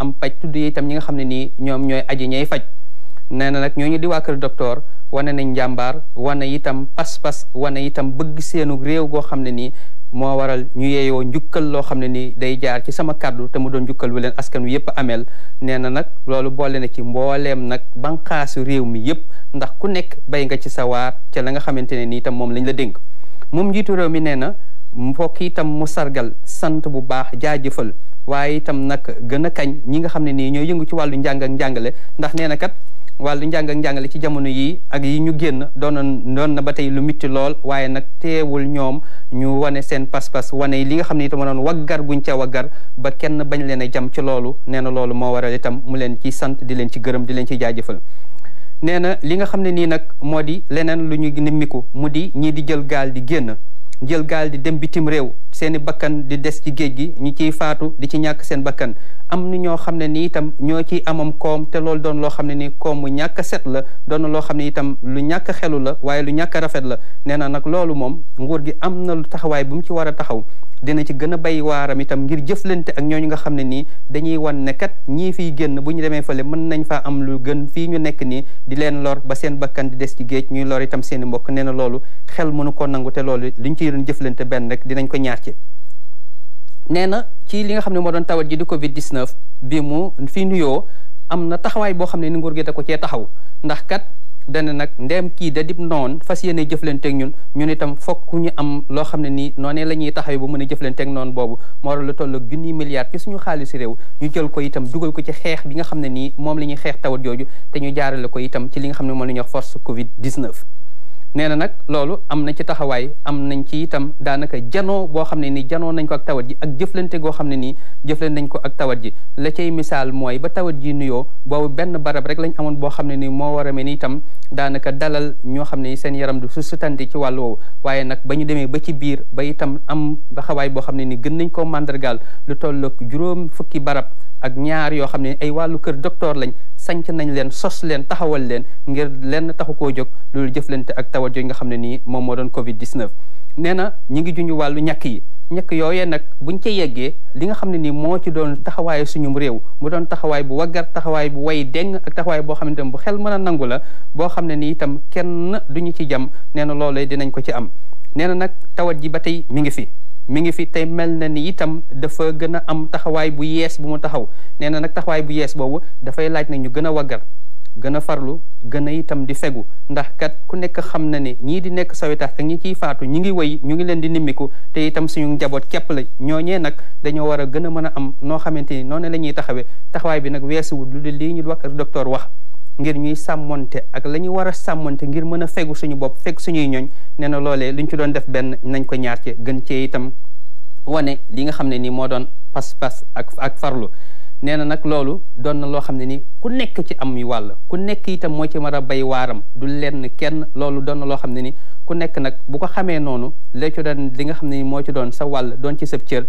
am paj tudd itam ñi nga xam ne nii ñoom ñooy aji ñay faj nee na nag ñooñu di waa kër docteur wane nañ njàmbaar wane itam pas-pas wane itam bëgg seenu réew goo xam ne nii moo waral ñu yeeyoo njukkal loo xam ne nii day jaar ci sama kàddu te mu doon njukkal wu leen askan wi yëpp ameel nee na nag loolu boole na ci mbooleem nag banqaasu réew mi yëpp ndax ku nekk bay nga ci sawaar ca la nga xamante ne nii moom lañ la dénk moom njiitu réew mi nee na mbokk itam mu sargal sant bu baax jaajëfal waaye itam nag gën a kañ ñi nga xam ne nii ñooy yëngu ci wàllu njàng ak njàngale ndax nee na kat wàllu njàng ak ci jamono yii ak yi ñu génn doonoon doon na ba tey lu mitti lool waaye nag teewul ñoom ñu wane seen pas-pas wane li nga xam ne itam noonu waggar guñ ca waggar ba kenn bañ leen a jam ci loolu nee na loolu moo waral itam mu leen ci sant di leen ci gërëm di leen ci jaajëfal nee na li nga xam ne nii nag moo di leneen lu ñu nimmiku mu di ñii di jël gaal di génn jël gaal di dem bitim réew seeni bakkan di des ci géej gi ñu ciy faatu di ci ñàkk seen bakkan am nu ñoo xam ne nii itam ñoo ciy amoom koom te loolu doon loo xam ne nii koom mu ñàkk set la doon loo xam ne itam lu ñàkk xelu la waaye lu ñàkk rafet la nee na nag loolu moom nguur gi am na lu taxawaay bu mu ci war a taxaw dina ci gën a bay waaram itam ngir jëflante ak ñooñu nga xam ne nii dañuy wan ne kat ñii fiy génn bu ñu demee le mën nañ faa am lu gën fii ñu nekk nii di leen lor ba seen bakkan di des ci géej ñuy itam seen mbokk nee na loolu xel mënu ko nangu te loolu liñ ciy doon jëflante benn rek dinañ ko ñaar nee na ci li nga xam ne moo doon tawat ji di Covid 19 bi mu fi nuyoo am na taxawaay boo xam ne ni nguur gi da ko cee taxaw ndax kat dana nag ndeem kii da dib noon fas yéene jëflanteeg ñun ñun itam fokk ñu am loo xam ne nii noonee la ñuy taxawee bu mën a jëflanteeg noonu boobu moo waral lu toll ak junniy milliards ci suñu xaalisu réew ñu jël ko itam dugal ko ci xeex bi nga xam ne nii moom la ñuy xeex tawat jooju te ñu jaarale ko itam ci li nga xam ne moom la ñuy wax force Covid nee na nag loolu am na ci taxawaay am nañ ci itam daanaka janoo boo xam ne nii janoo nañ ko ak tawat ji ak jëflante goo xam ne nii jëflante nañ ko ak tawat ji la cay misaal mooy ba tawat ji nuyoo boobu benn barab rek lañ amoon boo xam ne nii moo war a mel ni itam daanaka dalal ñoo xam ne seen yaram du susutante ci wàll woowu waaye nag bañu demee ba ci biir ba itam am taxawaay boo xam ne nii gën nañ koo màndargaal lu tollook juróom fukki barab ak ñaar yoo xam ne ay wàllu kër docteur lañ sanc nañ leen sos leen taxawal leen ngir lenn taxu koo jóg loolu jëflante ak tawat jooju nga xam ne nii moom moo doon Covid 19. nee na ñi ngi juñu wàllu ñàkk yi ñàkk yooyee nag buñ ca yeggee li nga xam ne nii moo ci doon taxawaaye suñu réew mu doon taxawaay bu waggar taxawaay bu way deng ak taxawaay boo xam ne tam bu xel mën a nangu la boo xam ne nii itam kenn du ñu ci jam nee na loolee dinañ ko ci am nee na nag tawat ji ba tey mi ngi fi. mi ngi fi tey mel na ni itam dafa gën a am taxawaay bu yees bu mu taxaw nee na nag taxawaay bu yees boobu dafay laaj na ñu gën a waggar gën a farlu gën a itam di fegu ndax kat ku nekk xam na ni ñii di nekk Sowetaas ak ñi ciy faatu ñu ngi woy ñu ngi leen di nimmiku te itam suñu njaboot képp la ñooñee nag dañoo war a gën a mën a am noo xamante ni noonu la ñuy taxawee taxawaay bi nag weesuwul lu li lii ñu docteur wax ngir ñuy sàmmoonte ak la ñu war a sàmmonte ngir mën a fegu suñu bopp fekk suñuy ñooñ nee na loolee luñ ci doon def benn nañ ko ñaar ci gën cee itam wane li nga xam ne nii moo doon pas-pas ak ak farlu nee na nag loolu doon na loo xam ne ni ku nekk ci am yu wàll ku nekk itam moo ci mën a bay waaram du lenn kenn loolu doon loo xam ne ni ku nekk nag bu ko xamee noonu la ci doon li nga xam ne ni moo ci doon sa wàll doon ci sëb cër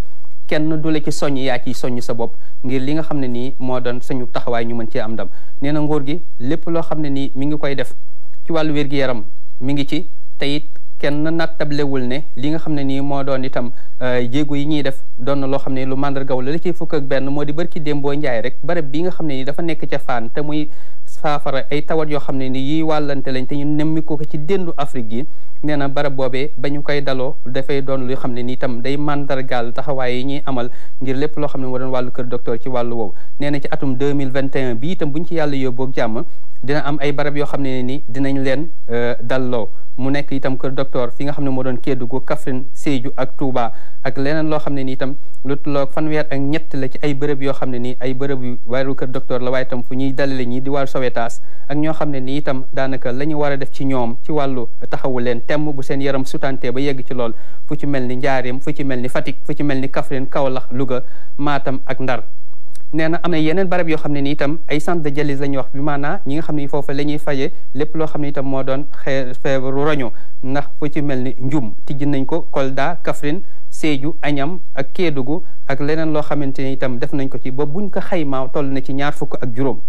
kenn du la ci soññ yaa ciy soññ sa bopp ngir li nga xam ne nii moo doon suñu taxawaay ñu mën cee am ndam nee na nguur gi lépp loo xam ne nii mi ngi koy def ci wàllu wér-gi-yaram mi ngi ci te it kenn nattablewul ne li nga xam ne nii moo doon itam euh, jéego yi ñuy def doon na loo xam ne lu màndargaw la la ciy fukk ak benn moo di barki démboo njaay rek barab bi nga xam ne nii dafa nekk ca faan te muy saafara ay tawat yoo xam ne nii yiy wàllante lañ te ñu nemmi ko ci déndu Afrique yi nee na barab boobee ba ñu koy daloo dafay doon luy xam ne ni itam day mandargaal taxawaay yi ñuy amal ngir lépp loo xam ne moo doon wàllu kër docteur ci wàllu woowu nee na ci atum 2021 bi itam bu ñu ci yàlla yóbboog jàmm dina am ay barab yoo xam ne ni dinañ leen euh, dalloo mu nekk itam kër docteur fi nga xam ne moo doon Kédougou Kaffrine Sédhiou ak Touba ak leneen loo xam ne ni itam lu tolloog fanweer ak ñett la ci ay bërëb yoo xam ne nii ay bërëb yu waru kër docteur la waaye itam fu ñuy dalale ñi di wàllu Sowetaas ak ñoo xam ne ni itam daanaka la ñu war a def ci ñoom ci wàllu tem bu seen yaram sutante ba yegg ci lool fu ci mel ni Njaareem fu ci mel ni Fatick fu ci mel ni Kaffrine Kaolack Louga Matam ak Ndar nee na am na yeneen barab yoo xam ne ni itam ay centre de dialyse la wax bi maanaa ñi nga xam ne foofa la ñuy faje lépp loo xam ne moo doon xee feebaru roño ndax fu ci mel ni Njum tijji nañ ko Kolda Kaffrine Sédhiou añam ak Kédougou ak leneen loo xamante ni itam def nañ ko ci ba buñ ko xaymaa toll na ci ñaar fukk ak juróom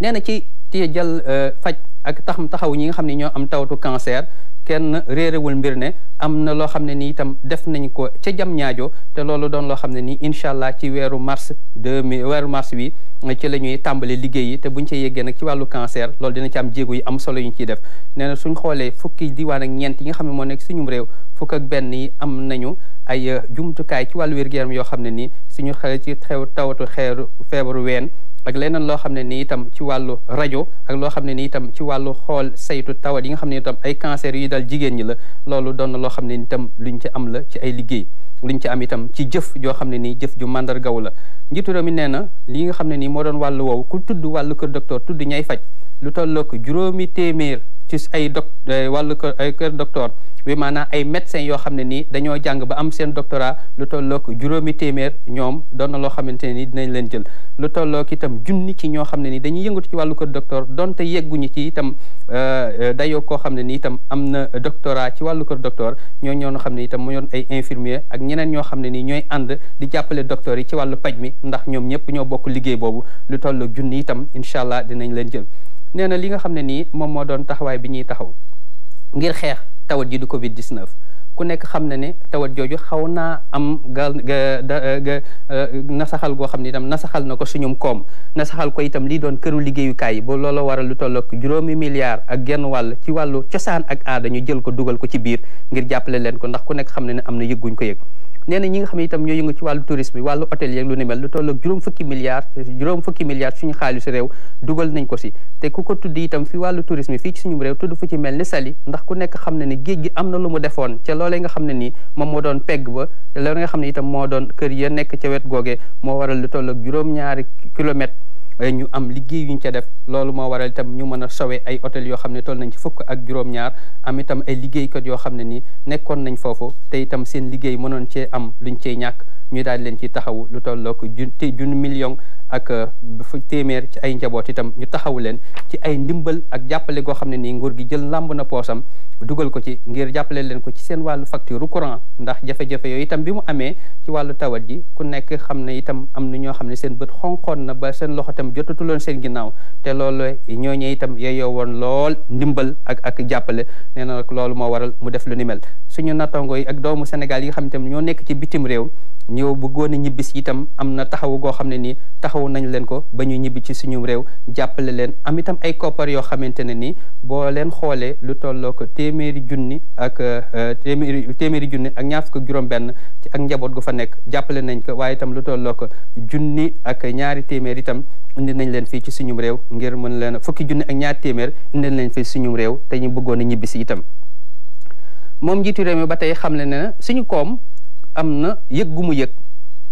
nee ci téye jël euh, faj ak taxam taxaw ñi nga xam ne ñoo am tawatu cancer kenn réerewul mbir ne am na loo xam ne nii itam def nañ ko ca jam ñaajo te loolu doon loo xam ne nii incha allah ci weeru mars deux mille weeru mars bi ci la ñuy tàmbale liggéey yi te buñ ci yeggee nag ci wàllu cancer lool dina ci am jéego yi am solo ñu ciy def nee na suñ xoolee fukki diwaan ak ñeent yi nga xam ne moo nekk suñum réew fukk ak benn yi am nañu ay jumtukaay ci wàllu wér-gu-yaram yoo xam ne nii suñu xel ci xew tawatu xeeru feebaru ween ak leneen loo xam ne ni itam ci wàllu rajo ak loo xam ne ni itam ci wàllu xool saytu tawat yi nga xam ne itam ay cancer yi dal jigéen ñi la loolu doon na loo xam ne ni itam luñ ci am la ci ay liggéey luñ ci am itam ci jëf joo xam ne nii jëf ju màndargaw la njiitu réew mi nee na li nga xam ne nii moo doon wàllu woowu ku tudd wàllu kër docteur tudd ñay faj lu tollook juróomi téeméer ci ay doc wàllu ay kër docteur bi ay médecins yoo xam ne nii dañoo jàng ba am seen doctorat lu tollook juróomi téeméer ñoom doon na loo xamante ne nii dinañ leen jël lu tollook itam junni ci ñoo xam ne nii dañuy yëngatu ci wàllu kër docteur donte yegguñu ci itam euh, euh, dayoo koo xam ne nii am na doctorat ci wàllu kër docteur ñoo ñoo xam ne itam mu yoon ay infirmier ak ñeneen ñoo xam ne nii ñooy ànd di jàppale docteurs yi ci wàllu paj mi ndax ñoom ñëpp ñoo bokk liggéey boobu lu tollook junni itam incha allah dinañ leen jël nee na li nga xam ne nii moom moo doon taxawaay bi ñuy taxaw ngir xeex tawat ji di Covid 19 ku nekk xam ne ne tawat jooju xaw naa am gal euh, nasaxal goo xam ne itam nasaxal na ko suñum koom nasaxal ko itam li doon këru liggéeyukaay yi ba loola waral lu tollook juróomi milliard ak genn wàll ci wàllu cosaan ak aada ñu jël ko dugal ko ci biir ngir jàppale leen ko ndax ku nekk xam na ne am na yëgguñ ko yëg nee na ñi nga xam ne itam ñoo yëngu ci wàllu tourisme bi wàllu hôtel yeeg lu ni mel lu toll ak juróom fukki milliards juróom fukki milliards suñu xaalisu réew dugal nañ ko si te ku ko tudd itam fi wàllu tourisme fii ci suñu réew tudd fu ci mel ni sali ndax ku nekk xam ne ni géej gi am na lu mu defoon ca loolee nga xam ne nii moom moo doon pegg ba loolu nga xam ne itam moo doon kër ya nekk ca wet googee moo waral lu toll ak juróom ñaari kilomètres Eh, ñu am liggéey yu ñu ca def loolu moo waral itam ñu mën a sowe ay hôtel yoo xam ne toll nañ ci fukk ak juróom-ñaar amitam itam ay liggéeykat yoo xam ne nii nekkoon nañ foofu te itam seen liggéey mënoon cee am luñ cee ñàkk ñu daal leen ci taxawu lu tolloo ko jun te jun million ak fu euh, téeméer ci ay njaboot itam ñu taxaw leen ci ay ndimbal ak jàppale goo xam ne nii nguur gi jël làmb na poosam dugal ko ci ngir jàppale leen ko ci seen wàllu facture courant ndax jafe-jafe yooyu itam bi mu amee ci wàllu tawat ji ku nekk xam ne itam am na ñoo xam ne seen bët xonqoon na ba seen loxo itam jotatu loon seen ginnaaw te loolu ñooñu itam yeyoo woon lool ndimbal ak ak jàppale nee na loolu moo waral mu def lu ni mel suñu nattango yi ak doomu Sénégal yi xam ne ñoo nekk ci bitim réew ñëw taxawu nañ leen ko ba ñu ñibbi ci suñu réew jàppale leen am itam ay koppar yoo xamante ne ni boo leen xoolee lu tolloo ko téeméeri junni ak euh, euh, téeméeri téeméeri junni ak ñaar fukk ak njaboot gu fa nekk jàppale nañ ko waaye itam lu tolloo ko junni ak ñaari téeméer itam indi nañ leen fii ci suñu réew ngir mën leen fukki junni ak ñaari téeméer indi nañ leen suñu réew te ñu bëggoon a ñibbi si itam moom njiitu réew mi ba tey xam ne na suñu koom am na yëg yëg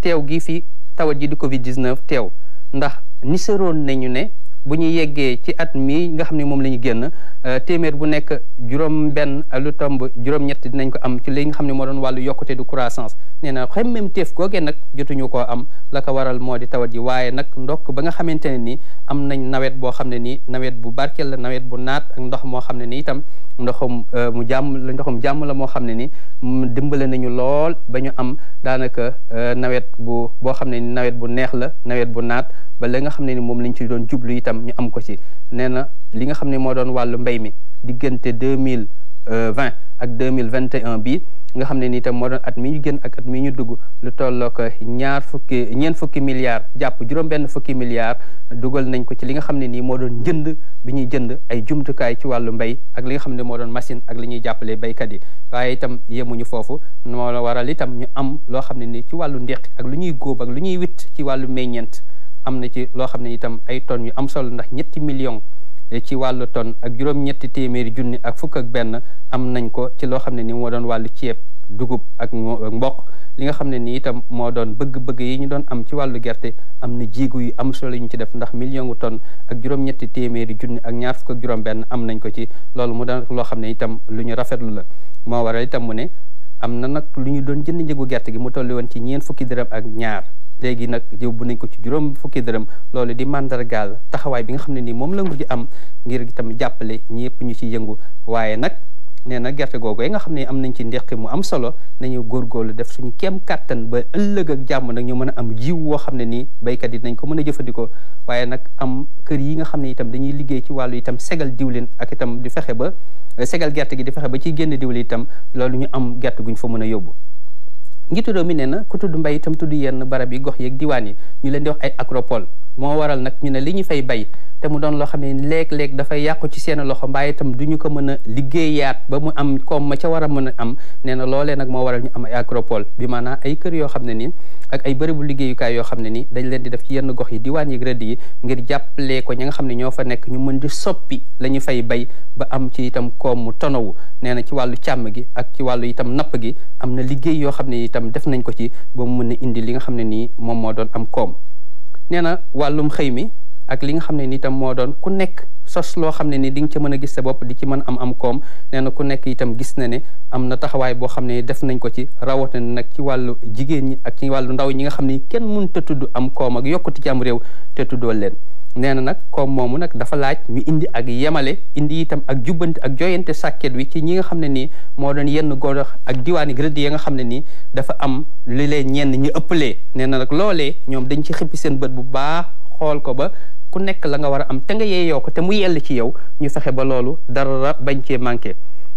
teew gi fii tawat ji di covid 19 teew ndax niseroon nañu ne bu ñu yeggee ci at mii nga xam ne moom la ñu génn euh, téeméer bu nekk juróom benn lu tomb juróom-ñett dinañ ko am ci li nga xam ne moo doon wàllu yokkute du croissance nee na xam même téef googee nag jotuñu koo am la ko waral moo di tawat yi waaye nag ndokk ba nga xamante ne nii am nañ nawet boo xam ne nii nawet bu barkeel la nawet bu naat ndox moo xam ne nii itam ndoxum euh, mu jàmm la ndoxum jàmm la moo xam ne ni dimbale nañu lool ba ñu am daanaka euh, nawet bu boo xam ne nawet bu neex la nawet bu naat ba nga xam ne ni moom lañ ci doon jublu itam itam ñu am ko ci nee na li nga xam ne moo doon wàllu mbay mi diggante deux mille euh, vingt ak deux mille vingt et un bii nga xam ne ni tam moo doon at mi ñu génn ak at mi ñu dugg lu tolloo ko ñaar fukki ñeent fukki milliards jàpp juróom-benn fukki milliards dugal nañ ko ci li nga xam ne nii moo doon jënd bi ñuy jënd ay jumtukaay ci wàllu mbay ak li nga xam ne moo doon machine ak li ñuy jàppale béykat yi waaye itam yemuñu foofu moo waral waral tam ñu am loo xam ne ni ci wàllu ndeq ak lu ñuy góob ak lu ci wàllu meññeent am na ci loo xam ne itam ay tonnes yu am solo ndax ñetti millions eh, ci wàllu tonne ak juróom téeméeri junni ak fukk ak benn am nañ ko ci loo xam ne ni moo doon wàllu ceeb dugub ak mboq li nga xam ne ni itam moo doon bëgg-bëgg yi ñu doon am ci wàllu gerte am na jiigu yu am solo yu ñu ci def ndax million gu tonne ak juróom-ñetti téeméeri junni ak ñaar fukk ak juróom-benn am nañ ko ci loolu mu doon loo xam ne itam lu ñu rafetlu la moo waral itam mu ne am na nag lu ñu doon jënd njëgu gerte gi mu tolli woon ci ñeen fukki dërëm ak ñaar léegi nag yóbbu nañ ko ci juróom fukki dërëm loolu di màndargaal taxawaay bi nga xam ne nii moom la nguur gi am ngir itam jàppale ñëpp ñu ci yëngu waaye nag nee na gerte googu yi nga xam ne am nañ ci ndeqi mu am solo nañu góorgóorlu def suñu kéem kàttan ba ëllëg ak jàmm nag ñu mën a am jiw woo xam ne nii béykat yi nañ ko mën a jëfandikoo waaye nag am kër yi nga xam ne itam dañuy liggéey ci wàllu itam segal diwlin ak itam di fexe ba segal gerte gi di fexe ba ciy génn diwlin itam loolu ñu am gerte guñ fa mën a yóbbu njiitu réew mi nee na ku tudd mbay itam tudd yenn barab yi gox yeeg diwaan yi ñu leen di wax ay agropole moo waral nag ñu ne li ñu fay bay te mu doon loo xam ne léeg-léeg dafay yàqu ci seen loxo mbaaye itam du ñu ko mën a liggéeyaat ba mu am koom ma ca war mën a am nee na loolee nag moo waral ñu am ay agropole bi maanaam ay kër yoo xam ne nii ak ay bërëbu liggéeyukaay yoo xam ne nii dañ leen di def ci yenn gox yi diwaan yi rëdd yi ngir jàppale ko ñi nga xam ne ñoo fa nekk ñu mën di soppi la ñu fay bay ba am ci itam koom mu tonowu nee na ci wàllu càmm gi ak ci wàllu itam napp gi itam def nañ ko ci ba mu mën a indi li nga xam ne nii moom moo doon am koom nee na wàllum xëy mi ak li nga xam ne nii itam moo doon ku nekk sos loo xam ne ni di nga ci mën a gis sa bopp di ci mën am am koom nee na ku nekk itam gis na ne am na taxawaay boo xam ne def nañ ko ci rawatina nag ci wàllu jigéen ñi ak ci wàllu ndaw ñi nga xam ne kenn mënut a tudd am koom ak yokkute ci am réew te tuddoo leen nee na nag koom moomu nag dafa laaj mu indi ak yemale indi itam ak jubbante ak joyante sàkket wi ci ñi nga xam ne nii moo doon yenn godox ak diwaani rëdd yi nga xam ne nii dafa am li leen ñenn ñu ëppalee nee na nag loole ñoom dañ ci xippi seen bët bu baax xool ko ba ku nekk la nga war a am te nga yeeyoo ko te mu yell ci yow ñu fexe ba loolu dara bañ cee manqué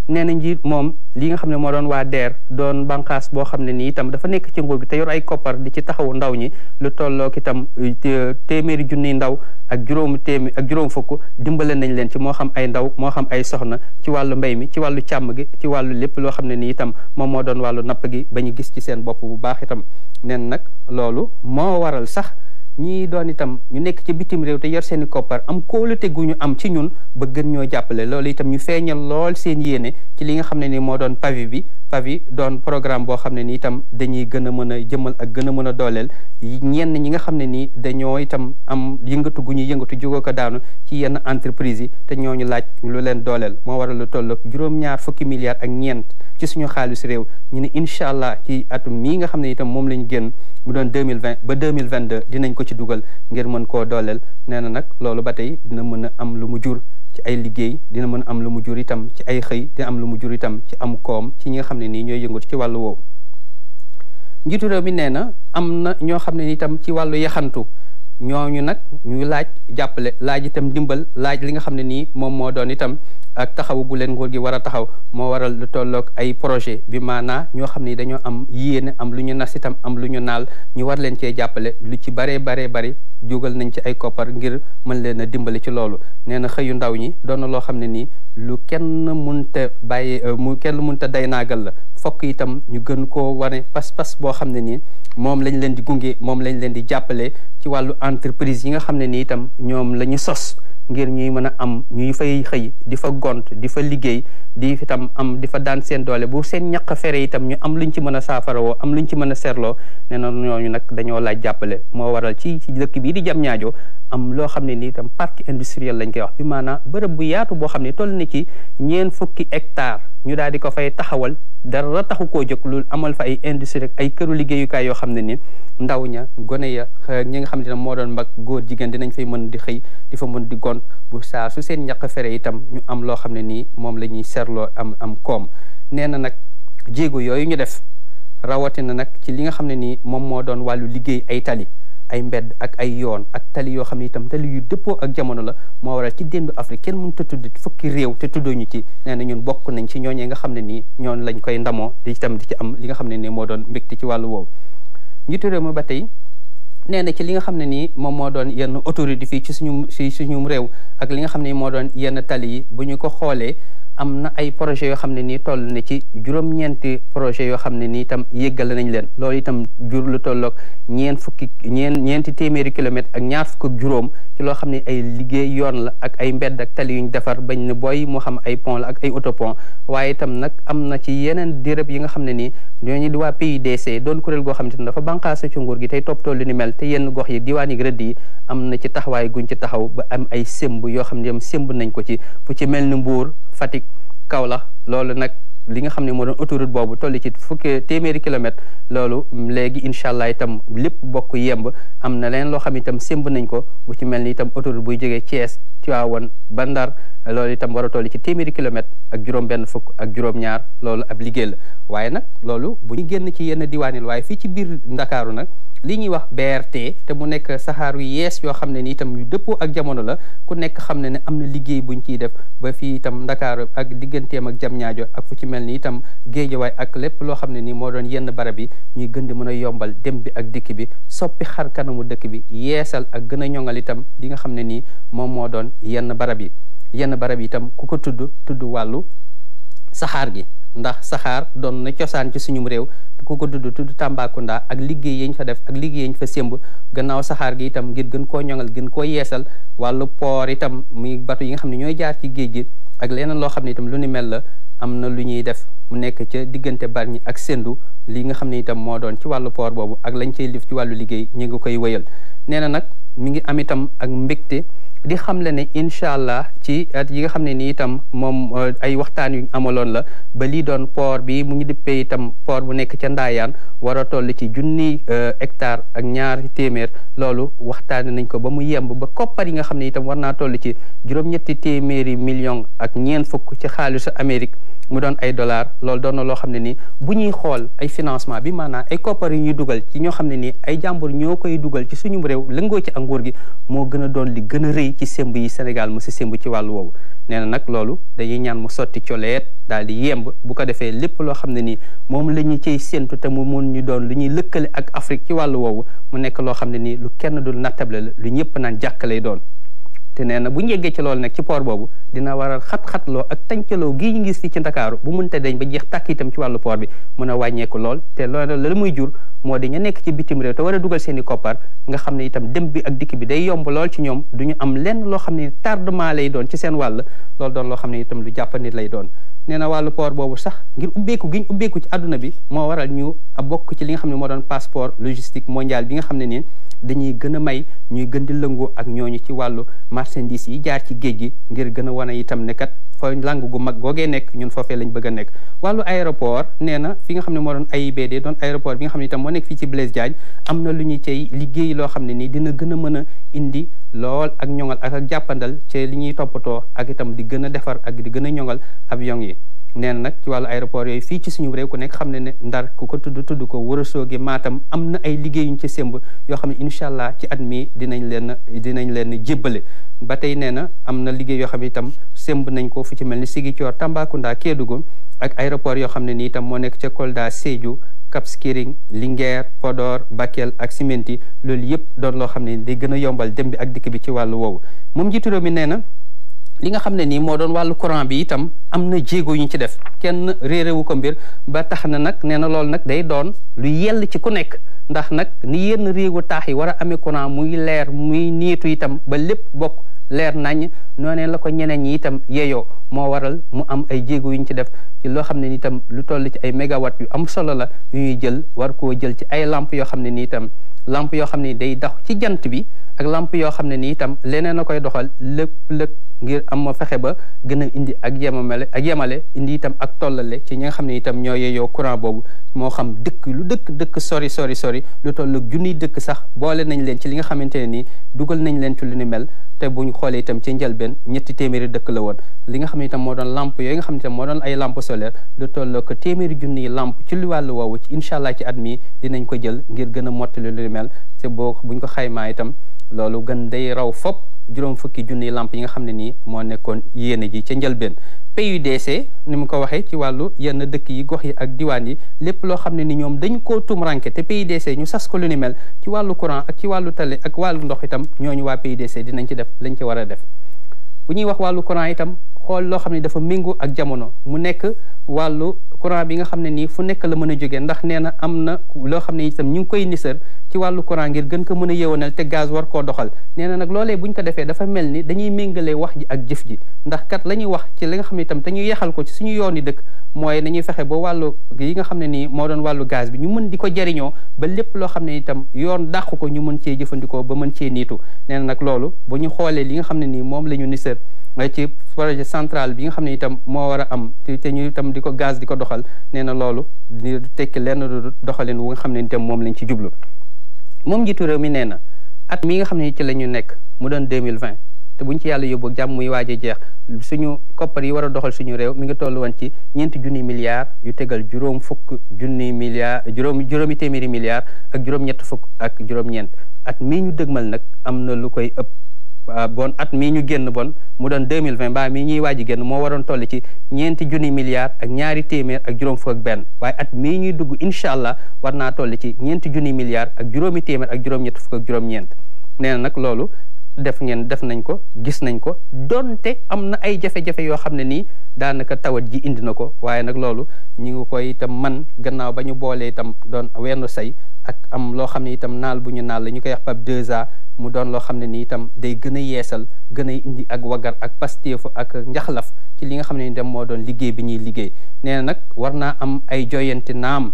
nee na njiit moom li nga xam ne moo doon waa DER doon banqaas boo xam ne nii itam dafa nekk ci nguur gi te yor ay koppar di ci taxawu ndaw ñi lu tollook itam euh, téeméeri junni ndaw ak juróom téeméer ak juróom fukk dimbale nañ leen ci moo xam ay ndaw moo xam ay soxna ci wàllu mbéy mi ci wàllu càmm gi ci wàllu lépp loo xam ne nii itam moom moo doon wàllu napp gi ba gis ci seen bopp bu baax itam nen nag loolu moo waral sax ñii doon itam ñu nekk ci bitim réew te yor seen i koppar am kóolute gu ñu am ci ñun ba gën ñoo jàppale loolu itam ñu feeñal lool seen yéene ci li nga xam ne ni moo doon pavi bi pavi doon programme boo xam ne ni itam dañuy gën a mën a jëmal ak gën a mën a dooleel ñenn ñi nga xam ne nii dañoo itam am yëngatu gu ñuy yëngatu jógoo ko daanu ci yenn entreprise yi te ñooñu laaj lu leen dooleel moo waral lu toll juróom-ñaar fukki milliards ak ñeent ci suñu xaalis réew ñu ne incha allah ci atum mii nga xam itam moom lañ génn mu doon 2020 ba 2022 dinañ ko ko ci dugal ngir mën koo dooleel nee na nag loolu ba tey dina mën a am lu mu jur ci ay liggéey dina mën a am lu mu jur itam ci ay xëy dina am lu mu jur itam ci am koom ci ñi xam ne nii ñooy yëngut ci wàllu woowu njiitu réew mi nee na am na ñoo xam ne itam ci wàllu yaxantu ñooñu nag ñu laaj jàppale laaj itam ndimbal laaj li nga xam ne nii moom moo doon itam ak taxaw gu leen nguur gi war a taxaw moo waral lu tollook ay projet bi maanaa ñoo xam ni dañoo am yéene am lu ñu nas itam am lu ñu naal ñu war leen cee jàppale lu ci baree baree bari jógal nañ ci ay koppar ngir mën leen a dimbali ci loolu nee na xëyu ndaw ñi doon na loo xam ne nii lu kenn munte bàyyi euh, mu kenn munte day naagal la fokk itam ñu gën koo wane pas-pas boo xam ne nii moom lañ leen di gunge moom lañ leen di jàppale ci wàllu entreprise yi nga xam ne nii itam ñoom la ñu sos ngir ñuy mën a am ñuy fay xëy di fa gont di fa liggéey di itam am di fa daan seen doole bu seen ñaq fere itam ñu am lu luñ ci mën a woo am ñu ci mën a seetloo nee na ñooñu nag dañoo laaj jàppale moo waral ci ci dëkk bii di jam ñaajo am loo xam ne ni itam parc industriel lañ koy wax bi maanaam bërëb bu yaatu boo xam ne toll na ci ñeen fukki hectare ñu daal di ko fay taxawal dara taxu koo jog lu amal fa ay industrie ay këru liggéeyukaay yoo xam ne ni ndaw ña gone ya ñi nga xam ne moo doon mag góor jigéen dinañ fay mën di xëy di fa mën di gon bu saa su seen ñaq fere itam ñu am loo xam ne nii moom la ñuy seetloo am am koom nee na nag jéego yooyu ñu def rawatina nag ci li nga xam ne nii moom moo doon wàllu liggéey ay tali ay mbedd ak ay yoon ak tali yoo xam ne itam tali yu dëppoo ak jamono la moo waral ci déndu Afrique kenn mënut a tudd fukki réew te tudduñu ci nee ñun bokk nañ ci ñooñee nga xam ne nii ñoon lañ koy ndamoo di itam di ci am li nga xam ne nii moo doon mbégte ci wàllu woowu njiitu réew mi ba na ci li nga xam ne nii moom moo doon yenn autorité fii ci suñu ci suñu réew ak li nga xam ne moo doon yenn tali yi bu ñu ko xoolee am na ay projets yoo xam ne nii toll na ci juróom-ñeenti projet yoo xam ne nii itam yëggale nañ leen loolu itam jur lu tolloog ñeent fukki ñeen ñeenti téeméeri kilomètres ak ñaar fukk juróom ci loo xam ne ay liggéey yoon la ak ay mbedd ak tali yu ñu defar bañ ne booy moo xam ay pont la ak ay autopont waaye tam nag am na ci yeneen dérëb yi nga xam ne nii ñooñu di waa PUDC doon kuréel goo xam ne dafa bànqaasa ci nguur gi tey toppatoo lu ni mel te yenn gox yi diwaan yi rëdd am na ci taxawaay guñ ci taxaw ba am ay sémb yoo xam ne yam sémb nañ ko ci fu ci mel ni Mbuur Fatick Kaolack loolu nag li nga xam ne moo doon autoroute boobu toll ci fukkee téeméeri kilomètre loolu léegi incha allah itam lépp bokk yemb am na leen loo xam itam sémb nañ ko bu ci mel ni itam autoroute bu jógee cees Tivaouane ba Ndar loolu itam war a toll ci téeméeri kilomètre ak juróom benn fukk ak juróom ñaar loolu ab liggéey la waaye nag loolu bu ñu génn ci yenn diwaan waaye fii ci biir ndakaaru nag li ñuy wax BRT te mu nekk saxaaru yees yoo xam ne nii itam yu dëppoo ak jamono la ku nekk xam ne ne am na liggéey buñ ciy def ba fii itam ndakaaru ak digganteem ak Jamñaajo ak fu ci mel ni itam géejawaay ak lépp loo xam ne ni moo doon yenn barab yi ñuy gën di mën a yombal dem bi ak dikk bi soppi xar kanamu dëkk bi yeesal ak gën a ñoŋal li nga xam ne nii moom moo doon yenn barab yi yenn barab yi tam ku ko tudd tudd wàllu saxaar gi ndax saxaar doon na cosaan ci suñum réew ku ko dudd tudd Tambacounda ak liggéey yañ fa def ak liggéey yañ fa sémb gannaaw saxaar gi itam ngir gën koo ñoŋal gën ko yeesal wàllu poor itam muy batu yi nga xam ne ñooy jaar ci géej gi ak leneen loo xam ne itam lu ni mel la am na lu ñuy def mu nekk ca diggante ñi ak Sendou li nga xam ne itam moo doon ci wàllu poor boobu ak lañ cay lif ci wàllu liggéey ñu ngi koy wëyal nee na nag mi ngi am itam ak mbégte di xamle ne incha allah ci at eh, yi nga xam ne nii itam moom eh, ay waxtaan yu amaloon la ba lii doon port bi mu ngi dippee itam port bu nekk ca Ndaayaan war a toll ci junni eh, hectare ak ñaar téeméer loolu waxtaane nañ ko ba mu yemb ba koppar yi nga xam ne itam war naa toll ci juróom-ñetti téeméeri million ak ñeent fukk ci xaalisu Amérique mu doon ay dollar loolu doon na loo xam ne ni bu ñuy xool ay financement bi maanaam ay koppar yu ñuy dugal ci ñoo xam ne nii ay jàmbur ñoo koy dugal ci suñu réew lëngoo ci ak gi moo gën a doon li gën a rëy ci semb yi Sénégal mu si semb ci wàllu woowu nee na nag loolu dañuy ñaan mu sotti coleet daal di yemb bu ko defee lépp loo xam ne nii moom la ñu ciy séntu te mu mun ñu doon lu ñuy lëkkale ak Afrique ci wàllu woowu mu nekk loo xam ne nii lu kenn dul nattable la lu ñëpp naan jàkk lay doon te nee na bu ñu ci loolu nag ci port boobu dina waral xat-xatloo ak tàncaloo gii ñu gis ci ndakaaru bu mun te dañ ba jeex tàkk itam ci wàllu port bi mën a wàññeeku lool te lool loolu la muy jur moo di ñu nekk ci bitim réew te dugal seen i koppar nga ne itam dem bi ak dikk bi day lool ci ñoom du am lenn loo xam ne tardement lay doon ci seen wàll loolu doon loo xam ne itam lu jàppandi lay doon nee na wàllu port boobu sax ngir ubbeeku giñ ubbeeku ci àdduna bi moo waral ñu bokk ci li nga xam ne moo doon passeport logistique mondial bi nga xam ne nii dañuy gën a may ñuy gën di lëngoo ak ñooñu ci wàllu marchandise yi jaar ci géej gi ngir gën a wane itam ne kat fa lang gu mag googee nekk ñun foofee lañ bëgg a nekk wàllu aéroport nee na fi nga xam ne moo doon AIBD doon aéroport bi nga xam ne itam moo nekk fii ci Blaise Diagne am na lu ñu cay liggéey loo xam ne nii dina gën a mën a indi lool ak ñoŋal ak ak jàppandal ci li ñuy toppatoo ak itam di gën a defar ak di gën a ñoŋal avion yi nee nag ci wàllu aéroport yooyu fii ci suñu réew ku nekk xam ne ne ndar ku ko tudd tudd ko wara gi maatam am na ay liggéeyuñ ci semb yoo xam ne incha allah ci at mii dinañ leen dinañ leen jébbale ba tey nee na am na liggéey yoo xam ne itam semb nañ ko fu ci mel ni Ziguinchor Tambacounda Kédougou ak aéroport yoo xam ne nii itam moo nekk ca Kolda Sédhiou Cap Skiring Linguère Podor Bakel ak Siménti loolu yëpp doon loo xam ne day gën a yombal dem bi ak dikk bi ci wàllu woowu moom njiitu réew mi li nga xam ne nii moo doon wàllu courant bi itam am na jéego yu ñu ci def kenn réeréwu ko mbir ba tax na nag nee na loolu day doon lu yell ci ku nekk ndax nag ni yenn réewu taax yi war a amee courant muy leer muy niitu itam ba lépp bokk leer nañ noonee la ko ñeneen ñi itam yeeyoo moo waral mu am ay jéego yu ci def ci loo xam ne ni itam lu toll ci ay mégawatt yu am solo la yu ñuy jël war koo jël ci ay làmp yoo xam ne ni itam lamp yoo xam ne day dax ci jant bi ak làmp yoo xam ne nii itam leneen a koy doxal lëpp lëpp ngir am ma fexe ba gën a indi ak yemamale ak yemale indi itam ak tollale ci ñi nga xam ne itam ñoo yeeyoo courant boobu moo xam dëkk lu dëkk dëkk sori sori sori lu toll junniy dëkk sax boole nañ leen ci li nga xamante ne nii dugal nañ leen ci lu ni mel te buñ xoolee itam ci njëlbeen ñetti téeméeri dëkk la woon li nga xam ne itam moo doon làmp yooyu nga xam ne itam moo doon ay lampe solaire lu toll ko téeméeri junniy lamp ci lu wàllu woowu ci incha allah ci at mii dinañ ko jël ngir gën a mottali lu ni mel te boo ko xaymaa itam loolu gën day raw fopp juróom fukki junni làmp yi nga xam ne nii moo nekkoon yéene ji ca njëlbeen PUDC nu mu ko waxee ci wàllu yenn dëkk yi gox yi ak diwaan yi lépp loo xam ne ni ñoom dañu koo tum te te PUDC ñu sas ko lu ni mel ci wàllu courant ak ci wàllu tali ak wàllu ndox itam ñooñu waa PUDC dinañ ci def lañ ci war a def bu ñuy wax wàllu courant itam xool loo xam ne dafa méngoo ak jamono mu nekk wàllu courant bi nga xam ne nii fu nekk la mën a jógee ndax nee na am na loo xam ne itam ñu ngi koy nisar ci wàllu courant ngir gën ko mën a yeewanal te gaz war koo doxal nee na nag loolee buñ ko defee dafa mel ni dañuy méngale wax ji ak jëf ji ndax la ñuy wax ci li xam ne itam te yeexal ko ci suñu yoon yi dëkk mooy nañuy fexe ba wàllu yi nga xam ne nii moo doon wàllu gaz bi ñu mën di ko jariñoo ba lépp loo xam ne itam yoon dàq ko ñu mën cee jëfandikoo ba mën cee niitu nee na nag loolu bu ñu xoolee li nga xam ne nii moom la ñu nisar ci projet centrale bi nga xam ne itam moo war a am te ñu itam di ko gaz di ko doxal nee na loolu di tekki lenn doxalin wu nga xam ne itam moom lañ ci jublu moom njiitu réew mi nee na at mi nga xam ne ci la ñu nekk mu doon deux mille vingt te buñ ci yàlla yóbbu jàmm muy waaj a jeex suñu koppar yi war a doxal suñu réew mi nga toll woon ci ñeenti junni milliards yu tegal juróom fukk junni milliards juróom juróomi téeméeri milliards ak juróom fukk ak juróom-ñeent at mii ñu mal nag am na lu koy ëpp. Euh, bon at mii ñu génn bon mu doon deux mille vingt mbaa mii ñuy waaj génn moo waroon toll ci ñeenti junni milliards ak ñaari téeméer ak juróom fukk benn waaye at mii ñuy dugg incha allah war naa toll ci ñeenti junni milliards ak juróomi téeméer ak juróom-ñett fukk juróom-ñeent nee nag loolu def ngeen def nañ ko gis nañ ko donte am na ay jafe-jafe yoo xam ne nii daanaka tawat ji indi na ko waaye nag loolu ñu ngi koy itam man gannaaw ba ñu boolee itam doon wenn say ak am loo xam ne itam naal bu ñu naal la ñu koy wax PAP 2A mu doon loo xam ne ni itam day gën a yeesal gën a indi ak wagar ak pasteefu ak njaxlaf ci li nga xam ne ni dem moo doon liggéey bi ñuy liggéey nee nag war naa am ay joyante naam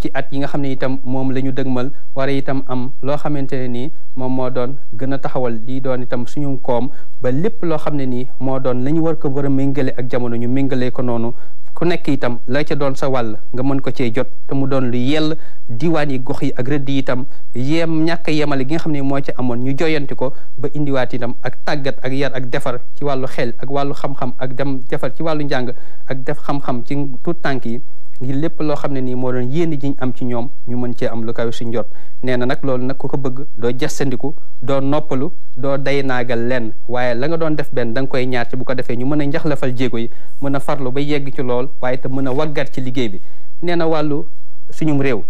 ci at yi nga xam ne itam moom la ñu dëgmal wara a itam am loo xamante ne nii moom moo doon gën a taxawal lii doon itam suñu koom ba lépp loo xam ne nii moo doon la ñu war ko war a méngale ak jamono ñu méngalee ko noonu ku nekk itam la ca doon sa wàll nga mën ko cee jot te mu doon lu yell diwaan yi gox yi ak rëdd yi itam yem ñàkk yemale gi nga xam ne moo ci amoon ñu joyanti ko ba indiwaat itam ak tàggat ak yar ak defar ci wàllu xel ak wàllu xam-xam ak dem defar ci wàllu njàng ak def xam-xam ci tuut tànk yi ngir lépp loo xam ne nii moo doon yéene jiñ am ci ñoom ñu mën cee am lu kawe suñ jot nee na nag loolu nag ku ko bëgg doo jasandiku doo noppalu doo day naagal lenn waaye la nga doon def benn da nga koy ñaar ci bu ko defee ñu mën a njaxlafal jéego yi mën a farlu ba yegg ci lool waaye te mën a waggat ci liggéey bi nee na wàllu suñum réew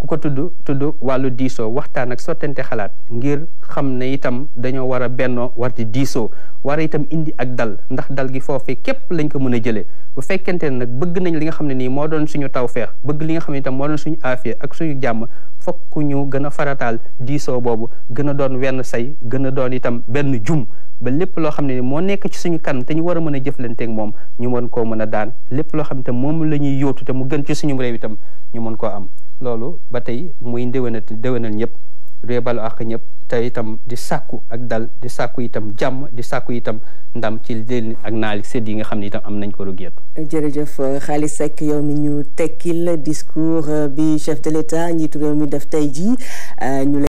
ku ko tudd tudd wàllu diisoo waxtaan ak sottante xalaat ngir xam ne itam dañoo war a bennoo war di diisoo war itam indi ak dal ndax dal gi foofu képp lañ ko mën a jëlee bu fekkente ne nag bëgg nañ li nga xam ne nii moo doon suñu tawfeex bëgg li nga xam ne itam moo doon suñu aafiya ak suñu jàmm fokk ñu gën a farataal diisoo boobu gën a doon wenn say gën a doon itam benn jum ba lépp loo xam ne ni moo nekk ci suñu kanam te ñu war a mën a jëflanteeg moom ñu mën koo mën a daan lépp loo xam ne moom la ñuy yóotu mu gën suñu réew itam ñu mën koo am loolu ba tey muy ndéwénal déwénal ñëpp dee balu àq ñëpp te itam di sàkku ak dal di sàkku itam jàmm di sàkku itam ndam ci dél ak naali sédd yi nga xam ni itam am nañ ko lu geetu jërëjëf Khaly Seck yow mi ñu tekkil discours bi chef de l'État njiitu réew mi def tey ji euh, ñu